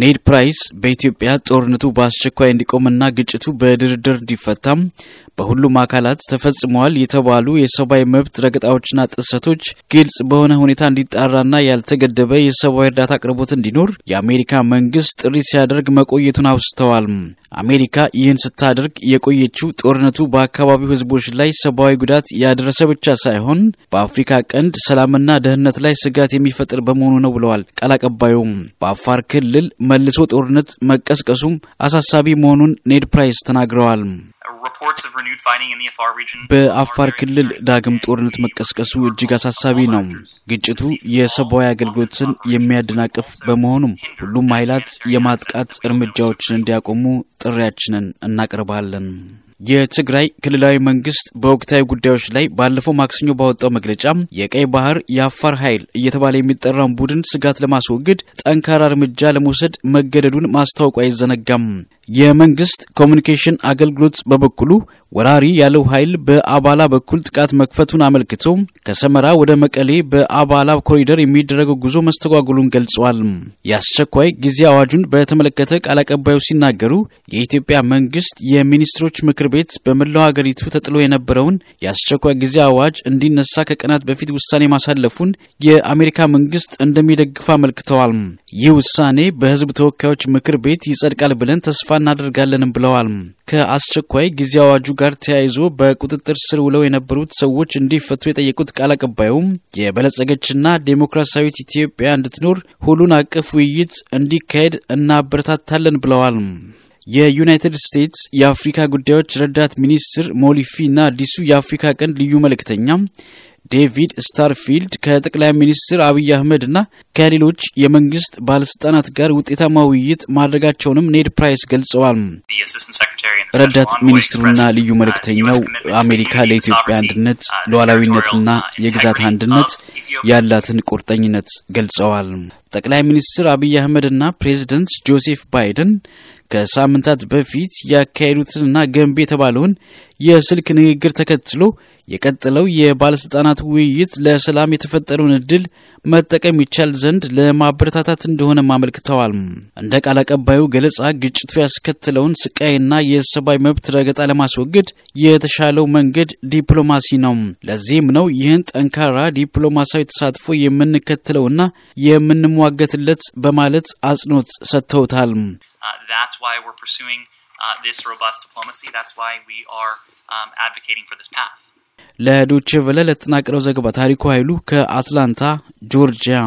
ኔድ ፕራይስ በኢትዮጵያ ጦርነቱ በአስቸኳይ እንዲቆምና ግጭቱ በድርድር እንዲፈታም በሁሉም አካላት ተፈጽመዋል የተባሉ የሰብአዊ መብት ረገጣዎችና ጥሰቶች ግልጽ በሆነ ሁኔታ እንዲጣራና ያልተገደበ የሰብአዊ እርዳታ አቅርቦት እንዲኖር የአሜሪካ መንግስት ጥሪ ሲያደርግ መቆየቱን አውስተዋል። አሜሪካ ይህን ስታደርግ የቆየችው ጦርነቱ በአካባቢው ህዝቦች ላይ ሰብአዊ ጉዳት ያደረሰ ብቻ ሳይሆን በአፍሪካ ቀንድ ሰላምና ደህንነት ላይ ስጋት የሚፈጥር በመሆኑ ነው ብለዋል ቃል አቀባዩም። በአፋር ክልል መልሶ ጦርነት መቀስቀሱም አሳሳቢ መሆኑን ኔድ ፕራይስ ተናግረዋል። በአፋር ክልል ዳግም ጦርነት መቀስቀሱ እጅግ አሳሳቢ ነው። ግጭቱ የሰብአዊ አገልግሎትን የሚያደናቅፍ በመሆኑም ሁሉም ኃይላት የማጥቃት እርምጃዎችን እንዲያቆሙ ጥሪያችንን እናቀርባለን። የትግራይ ክልላዊ መንግስት በወቅታዊ ጉዳዮች ላይ ባለፈው ማክሰኞ ባወጣው መግለጫ የቀይ ባህር የአፋር ኃይል እየተባለ የሚጠራውን ቡድን ስጋት ለማስወገድ ጠንካራ እርምጃ ለመውሰድ መገደዱን ማስታወቁ አይዘነጋም። የመንግስት ኮሚኒኬሽን አገልግሎት በበኩሉ ወራሪ ያለው ኃይል በአባላ በኩል ጥቃት መክፈቱን አመልክቶ ከሰመራ ወደ መቀሌ በአባላ ኮሪደር የሚደረገው ጉዞ መስተጓጉሉን ገልጸዋል። የአስቸኳይ ጊዜ አዋጁን በተመለከተ ቃል አቀባዩ ሲናገሩ የኢትዮጵያ መንግስት የሚኒስትሮች ምክር ቤት በመላው ሀገሪቱ ተጥሎ የነበረውን የአስቸኳይ ጊዜ አዋጅ እንዲነሳ ከቀናት በፊት ውሳኔ ማሳለፉን የአሜሪካ መንግስት እንደሚደግፍ አመልክተዋል። ይህ ውሳኔ በህዝብ ተወካዮች ምክር ቤት ይጸድቃል ብለን ተስፋ እናደርጋለንም ብለዋል። ከአስቸኳይ ጊዜ አዋጁ ጋር ተያይዞ በቁጥጥር ስር ውለው የነበሩት ሰዎች እንዲፈቱ የጠየቁት ቃል አቀባዩም የበለጸገችና ዴሞክራሲያዊት ኢትዮጵያ እንድትኖር ሁሉን አቀፍ ውይይት እንዲካሄድ እናበረታታለን ብለዋል። የዩናይትድ ስቴትስ የአፍሪካ ጉዳዮች ረዳት ሚኒስትር ሞሊፊ እና አዲሱ የአፍሪካ ቀንድ ልዩ መልእክተኛ ዴቪድ ስታርፊልድ ከጠቅላይ ሚኒስትር አብይ አህመድ እና ከሌሎች የመንግስት ባለስልጣናት ጋር ውጤታማ ውይይት ማድረጋቸውንም ኔድ ፕራይስ ገልጸዋል። ረዳት ሚኒስትሩና ልዩ uh, መልእክተኛው አሜሪካ ለኢትዮጵያ አንድነት፣ uh, ሉዓላዊነትና uh, የግዛት አንድነት ያላትን ቁርጠኝነት ገልጸዋል። ጠቅላይ ሚኒስትር አብይ አህመድና ፕሬዚደንት ጆሴፍ ባይደን ከሳምንታት በፊት ያካሄዱትንና ገንቢ የተባለውን የስልክ ንግግር ተከትሎ የቀጠለው የባለሥልጣናት ውይይት ለሰላም የተፈጠረውን እድል መጠቀም ይቻል ዘንድ ለማበረታታት እንደሆነም አመልክተዋል። እንደ ቃል አቀባዩ ገለጻ ግጭቱ ያስከተለውን ስቃይና የሰብአዊ መብት ረገጣ ለማስወገድ የተሻለው መንገድ ዲፕሎማሲ ነው። ለዚህም ነው ይህን ጠንካራ ዲፕሎማሲያዊ ተሳትፎ የምንከትለውና የምንሟ እንድንሟገትለት በማለት አጽንኦት ሰጥተውታል። uh, uh, um, ለዶቼ ቨለ ለተጠናቀረው ዘገባ ታሪኩ ኃይሉ ከአትላንታ ጆርጂያ